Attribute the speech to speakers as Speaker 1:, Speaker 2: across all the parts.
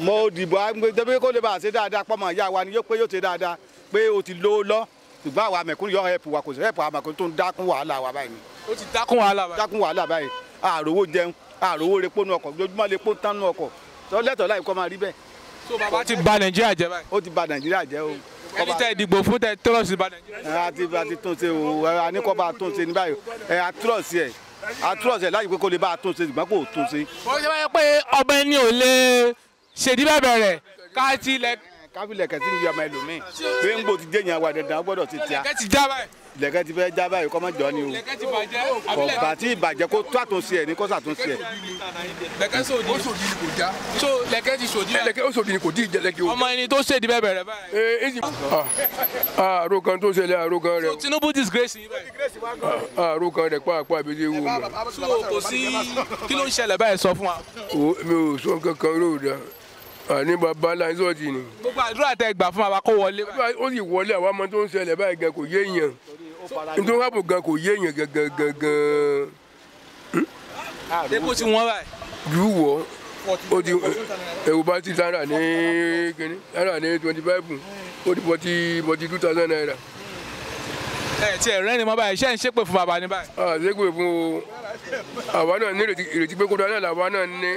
Speaker 1: mo dìbò àgbẹ̀dẹ́gbẹ́ kó lè bá ṣe dáadáa pọ́mọ ìyá wa ni yóò pé yóò ṣe dáadáa pé o ti lówó lọ ṣùgbọ́n àwa mẹ̀kúnnù yọ ẹ̀pù wa kò sí ẹ̀pù àmàkùn tó ń dákún wàhálà wa báyìí. ó ti dákún wàhálà báyìí. dákún wàhálà báyìí àròwó jẹun àròwó repo nu ọkọ̀ lójúmọ́ lepo tán nu ọkọ̀ lẹ́tọ̀ọ́ láì kọ́ máa rí bẹ́ẹ̀. tó bàbá ti ba nàìjíríà jẹ́ báyìí. ó ti ba nàìjíríà jẹ́ o ẹni tẹ ìdìbò fún tẹ trọsì ba nàìjíríà. a ti a ti tún ṣe o a ní kọ́ bá a tún ṣe ní báyìí ẹ a trọsì ẹ a trọsì ẹ láyìí pé kó lè bá a tún ṣe ṣùgbọ́n kò tún ṣe. bó ṣe bá ṣèdí bẹ́ẹ̀ bẹ̀rẹ̀ ká ti ilẹ̀. kábílẹ̀ kẹ́tì ń yọ ọmọ ẹlòmíì pé ń gbò ti dé yẹn wà dandan ó gbọ́dọ̀ ti tíya. lẹ̀kẹ́ ti já báyìí. lẹ̀kẹ́ ti fẹ́ já báyìí kọ́mọ jọ ni o. lẹ̀kẹ́
Speaker 2: ti bàjẹ́. kọ̀ọ̀bà tí
Speaker 1: ìbàjẹ́ kó tó àtúnṣe ẹ̀ ní kó sàtúnṣe ẹ̀.
Speaker 2: lẹ̀kẹ́ sòdì ni kò já. so
Speaker 3: lẹ̀kẹ́ ti sòdì ẹ̀. lẹ̀kẹ́ sòdì ni kò dí ìjẹ́ o. ọmọ ẹni tó ṣèdí bẹ́ẹ̀ bẹ̀rẹ̀ báyìí. Ah, ah, àròkàn tó ṣẹlẹ̀ àròkàn rẹ̀. Tinubu disgrace yín báyìí. Ah, àròkàn rẹ̀ pàápàá àbí ṣe wù mí. so kò àní bàbá láyé sọ́ọ̀tì ni. gbogbo àdúrà tẹ gbà fún wa kó wọlé. ó sì wọlé àwọn ọmọ tó ń ṣẹlẹ̀ báyìí gan kò yé èèyàn nítorí wọn bò gan kò yé èèyàn gangan gangan. dépò hmm? tí wọ́n báyìí. jù wọ́ ó ti ẹ̀wù bá ti tara ní kínní tara ní twenty five ó ti forty forty two thousand naira. ẹ ti ẹ̀rẹ́ ni mo báyìí iṣẹ́ ń ṣépè fún bàbá ní báyìí. àṣépè fún o àwa náà ní ìrètí pé kó dáná làwa náà ní.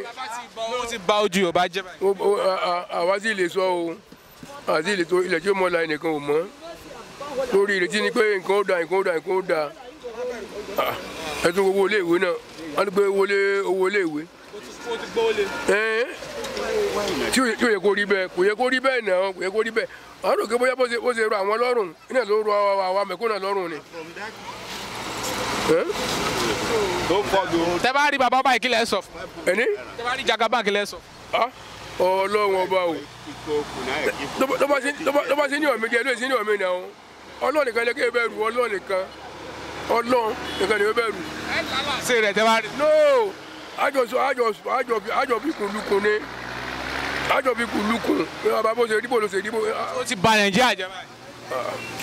Speaker 3: lóun ti ba ojú yorùbá jẹ́ báyìí. àwa sọ o àti ìletò ìlẹjọ mọ ni pé nǹkan ó da nǹkan ó da nǹkan ó da ẹtún owó iléèwé náà wọn ti gbé owó iléèwé. tí ò yẹ kó rí bẹ́ẹ̀ kò yẹ kó rí bẹ́ẹ̀ náà kò tó kọ́ bí o. bàbá báyìí kí sọ. ẹni. tẹ bá jagaba kí sọ. ọlọ́run ọba o tó bá sí ní ọ̀mí jẹ́ ló sí ní ọ̀mí náà ọlọ́run nìkan lè ké bẹ̀rù ọlọ́run nìkan ọlọ́run nìkan lè bẹ̀rù. ṣé rẹ̀ tẹ bá no àjọsọ àjọsọ àjọbí kùlùkùn ni àjọbí kùlùkùn bàbá bó ṣe dìbò ló ṣe dìbò. ó ti bà Nàìjíríà jẹ́ báyìí.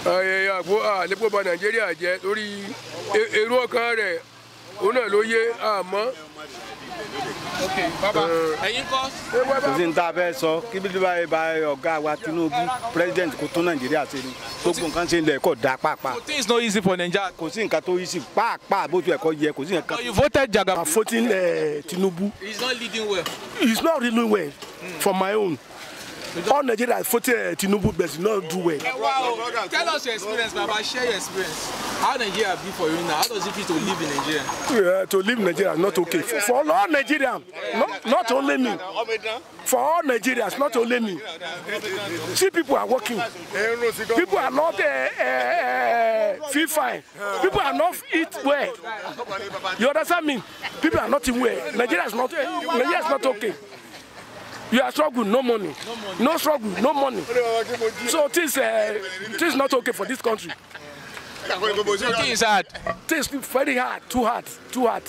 Speaker 3: Ah, àgbo àlepò ah, nàìjíríà jẹ́ torí èrò e, ọkàn rẹ̀ òun náà ló yé àmọ́. ok bàbá eh.
Speaker 1: ta fẹ́ sọ kí bíbí báyìí bá ọ̀gá wa Tinubu president kò tún nàìjíríà ṣe ni gbogbo nǹkan ṣe ń lẹ̀ kọ́ da pàápàá. things no easy for naija. kò sí nǹkan tó easy pàápàá bó ti ẹ̀kọ́ yẹ kò sí nǹkan. you voted Jagaba. àfotí Tinubu.
Speaker 2: he is not leading well. he is
Speaker 1: not leading well
Speaker 2: mm.
Speaker 3: for my own all nigeria foti uh, eh, tinubu gbèsè no do well. ẹ wá
Speaker 2: o tell us your experience baba share your experience how nigeria be for you now how does it feel to live in nigeria.
Speaker 3: Uh, to live in nigeria not okay for, all Nigerians, not, not only me for all nigerians not only me see people are working people are not uh, uh, feel fine people are not eat well you understand me people are not in well nigeria is not uh, nigeria is not okay you are struggling, no money no, struggle no money so things uh, things not okay for this country things hard things very hard too hard too
Speaker 2: hard.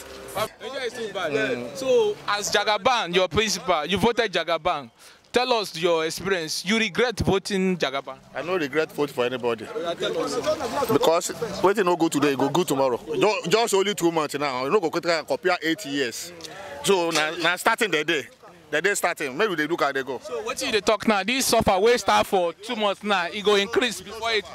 Speaker 2: So, as Jagaban, your principal, you voted Jagaban. Tell us your experience. You regret voting Jagaban? I no regret vote for anybody. Because
Speaker 4: wetin no go today, e go good tomorrow. Just, only two months now. You no go compare eight years. So, now, now starting the day. They dey starting make we dey look at they go. so
Speaker 2: what you they talk now this suffer wey start for two months now It e go increase before it.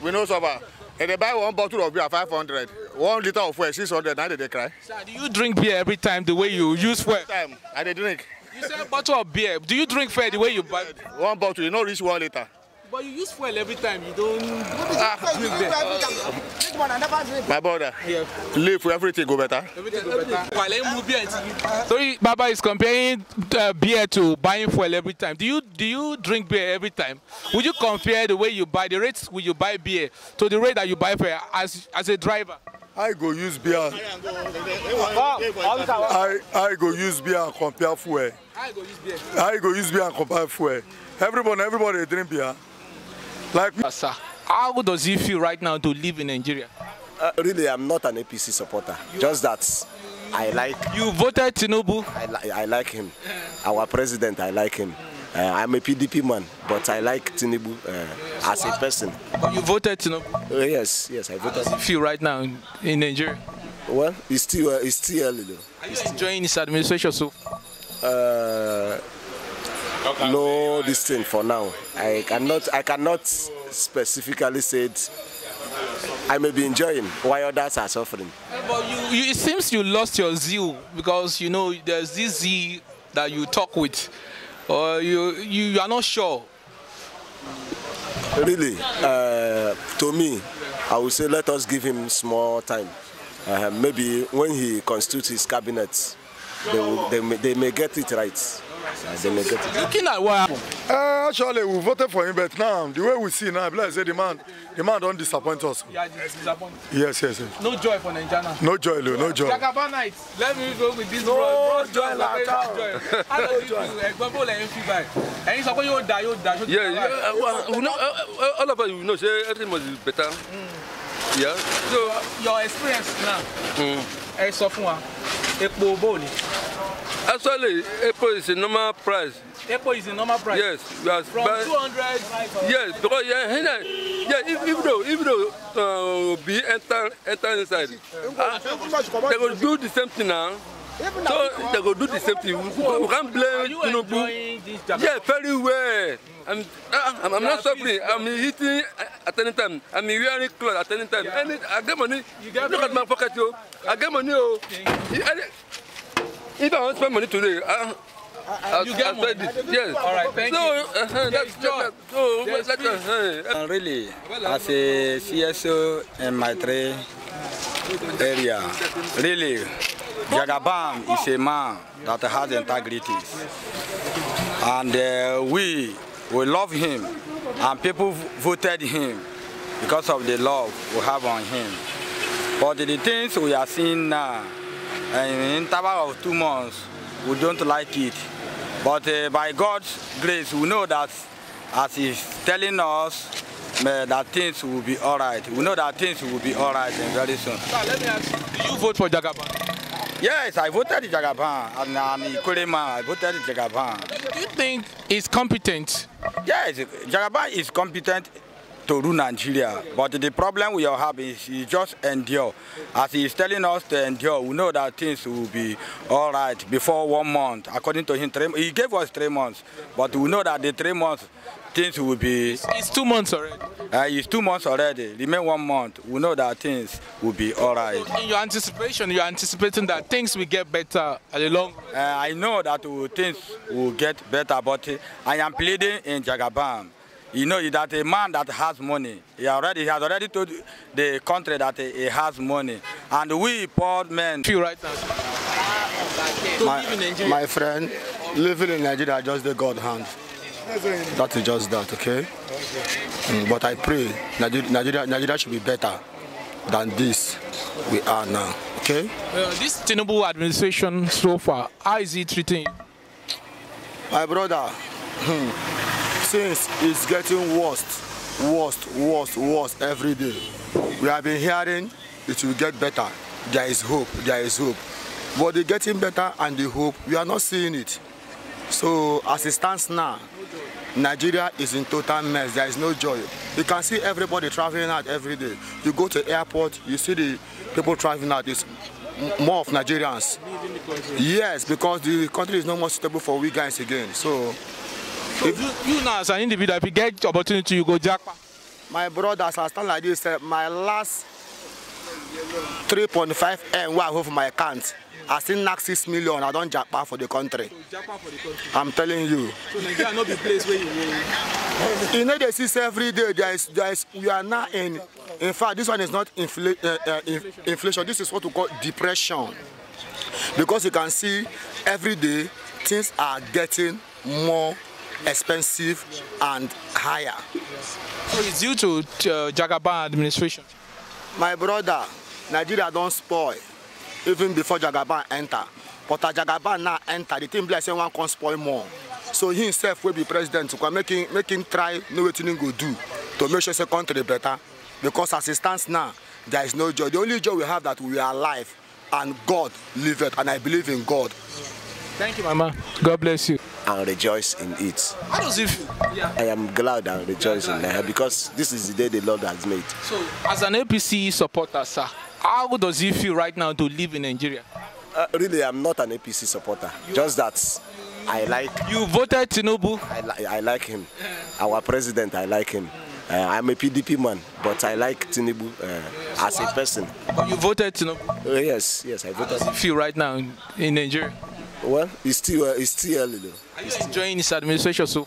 Speaker 4: we know suffer dem dey buy one bottle of beer five hundred one liter of fuel six hundred Now they dey cry. sir
Speaker 2: do you drink beer every time the way you use fuel. every
Speaker 4: time i dey drink. you say bottle of beer
Speaker 2: do you drink fuel the way you buy. one bottle You know, reach one liter. But you use fuel every time, you don't
Speaker 5: ah, drink there. Drink one and never drink. My brother,
Speaker 2: yeah. live for everything go better. Everything go better. So Baba is comparing uh, beer to buying fuel every time. Do you do you drink beer every time? Would you compare the way you buy the rates when you buy beer to the rate that you buy fuel as as a driver? I go use beer. I,
Speaker 4: I go use beer and compare fuel. I go use beer. I go use beer and compare fuel. Everybody, everybody drink beer. Like, sir,
Speaker 2: how does it feel right now to live in Nigeria?
Speaker 6: Uh, really, I'm not an APC supporter. You Just that I like. You voted Tinubu. I, li I like him. Our president, I like him. Uh, I'm a PDP man, but I like Tinubu uh, yes. as a person. You
Speaker 2: voted Tinubu. Uh, yes, yes, I voted. How does it feel right now in, Nigeria? Well, it's still uh,
Speaker 6: it's still early though.
Speaker 2: Are you it's enjoying still... his administration so?
Speaker 6: Uh, no this thing for now. I cannot I cannot specifically say it. I may be enjoying while others are suffering.
Speaker 2: But you, you, it seems you lost your zeal because you know there's this Z that you talk with, or you you, you are not sure.
Speaker 6: Really, uh, to me, I would say let us give him small time. Uh, maybe when he constitutes his cabinet, they, will, they, may, they may get it right.
Speaker 4: Looking at what happened? Uh, actually, we voted for him, but now the way we see now, like I say, the man, the man don't disappoint us. Yeah, disappoint. Yes, yes, yes. No joy for Nigeria. No joy, Lou, no joy.
Speaker 2: Jagabanites, let me go with this. No bro, bro, joy, No joy. How do you do? Example, like you feel like, and you say, "Yo, die, yo, die." Yeah, yeah. Uh, well, we know, uh, uh, all of us, we know, say everything
Speaker 3: must be better. Mm. Yeah. So your experience now,
Speaker 2: mm. ẹ sọ fún wa epo bone.
Speaker 3: Actually, epo is a normal price. Epo is a normal price. Yes, yes. from two hundred. Yes, because yeah, yeah, yeah if if no if no uh, be enter enter inside, uh, they go do the same thing now.
Speaker 1: Even so they go do the same thing. We
Speaker 3: can't blame Tinubu. Yeah, very well. I'm, ah, I'm, I'm not suffering. I'm eating at any time. I'm wearing clothes at any time. Yeah. Any, I get money. You get Look money. at my pocket, yo. I get money, yo. If I want to spend money today, I, I, uh, uh,
Speaker 2: I, you get I'll money. It. Yes. All right. Thank so,
Speaker 3: you. Uh, -huh, that's job. So, that's uh,
Speaker 5: uh, really, as a CSO in my trade area, really, Jagabam is a man that has integrity, and uh, we we love him. And people voted him because of the love we have on him. But the things we are seeing now, eh, in interval of two months, we don't like it. But uh, by God's grace, we know that as he's telling us uh, that things will be all right. We know that things will be all right and very soon. Sir, let me ask you, do you vote for Jagaban? Yes, I voted Jagaban and, and Ikurema. I voted Jagaban. Do you think he's competent Yes, Jaraba is competent to rule Nigeria. But the problem we all have is he just endure. As he is telling us to endure, we know that things will be all right before one month. According to him, three, he gave us three months, but we know that the three months things will be. It's, two months already. Uh, it's two months already. Remain one month. We know that things will be all right.
Speaker 2: in your anticipation, you're anticipating
Speaker 5: that things will get better at the long. Uh, I know that things will get better, but I am pleading in Jagabam. you know that a man that has money, he already he has already told the country that he has money, and we poor men. Feel right My,
Speaker 4: my friend, living in Nigeria just the God hand. That is just that, okay? Mm, but I pray Nigeria, Nigeria should be better than this we are now, okay? Uh, this Tinubu
Speaker 2: administration so far,
Speaker 4: how is it treating you? My brother, hmm, since it's getting worse, worse, worse, worse every day. We have been hearing it will get better. There is hope, there is hope. But the getting better and the hope, we are not seeing it. So as it stands now, Nigeria is in total mess. There is no joy. You can see everybody traveling out every day. You go to airport, you see the people traveling out. It's more of Nigerians. Yes, because the country is no more suitable for we guys again. So if you, you now as an individual, if you get opportunity, you go jackpot. My brother, as I stand like this, uh, my last 3.5 M wey I hold my account, I still knack 6 million, I don't jackpot for the country. I'm telling you. So Nigeria not the place where you
Speaker 2: will.
Speaker 4: You know they see every day, there is, there is, you are not in, in fact, this one is not infla uh, eh, uh, eh, inflation. inflation, this is what we call depression. Because you can see every day, things are getting more expensive and higher. So it's due to uh, Jagaban administration? My brother, Nigeria don't spoil even before Jagaban enter. But as Jagaban now enter, the thing be like say can spoil more. So he himself will be president to make him, make him try no wetin he go do to make sure the country better. Because as it stands now, there is no joy. The only joy we have that we are alive and God
Speaker 6: liveth and I believe in God. Yeah. Thank you, Mama. God bless you. And rejoice in it. How does it feel? Yeah. I am glad and rejoicing glad. because this is the day the Lord has made. So,
Speaker 2: as an APC supporter, sir, how does it feel right now to live in Nigeria?
Speaker 6: Uh, really, I'm not an APC supporter. You Just that I like. You voted Tinubu. I, li I like him. Our president, I like him. Uh, I'm a PDP man, but I like Tinubu uh, yeah, so as a person. You voted Tinubu? Uh, yes, yes, I voted. How does it feel right now in Nigeria? Well, it's still uh, it's still early though. Are you it's enjoying this
Speaker 2: administration so?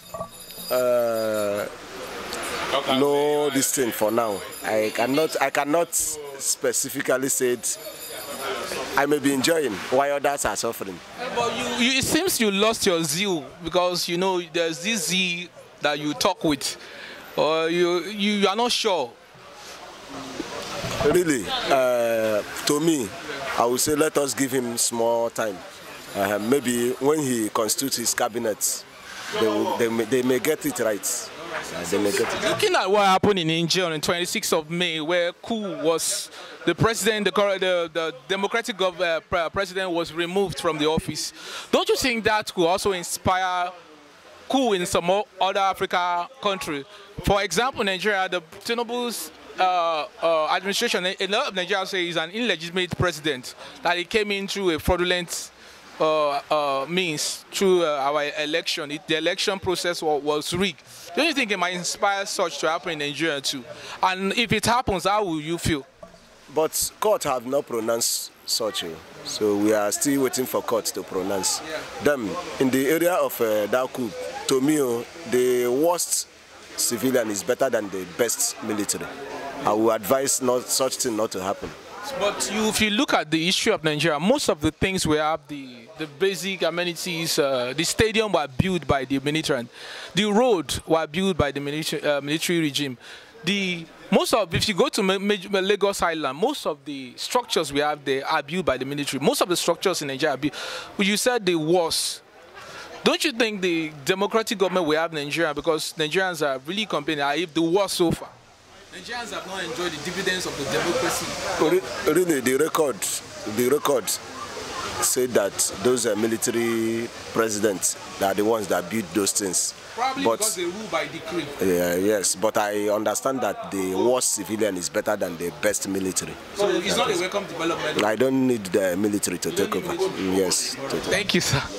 Speaker 6: Uh, no, this thing for now. I cannot I cannot specifically say it. I may be enjoying while others are suffering.
Speaker 2: But you, you, it seems you lost your zeal because you know there's this zeal that you talk with, or you you, you are not sure.
Speaker 6: Really, uh, to me, I would say let us give him small time. Uh, maybe when he constitutes his cabinet, they, will, they, may, they may get it right. Uh,
Speaker 2: Looking at what happened in Nigeria on the 26th of May, where coup was the president, the, the, the democratic uh, president was removed from the office. Don't you think that could also inspire coup in some other Africa country? For example, Nigeria, the Tinubu's uh, uh, administration, a lot of Nigerians say he's an illegitimate president, that he came in through a fraudulent uh, uh, means through uh, our election. It, the election process was, was rigged. Don't you think it might inspire such to happen in Nigeria too? And if it happens, how will you feel?
Speaker 6: But court have not pronounced such. Eh? So we are still waiting for court to pronounce yeah. them. In the area of uh, Daku, to me, oh, the worst civilian is better than the best military. I would advise not, such thing not to happen.
Speaker 2: But you, if you look at the history of Nigeria, most of the things we have, the, the basic amenities, uh, the stadium were built by the military, the road were built by the military, uh, military regime. The most of, if you go to Lagos Island, most of the structures we have there are built by the military. Most of the structures in Nigeria are built. You said the wars. Don't you think the democratic government we have in Nigeria, because Nigerians are really complaining, are if the war so far? Nigerians have
Speaker 6: not enjoyed the dividends of the democracy. Really, the record, the record say that those uh, military presidents are the ones that built those things. Probably but, because they
Speaker 2: rule by decree.
Speaker 6: Yeah, yes, but I understand that the worst civilian is better than the best military. So it's not a
Speaker 2: welcome development. I
Speaker 6: don't need the military to you take over. Mm, yes. Thank you, sir.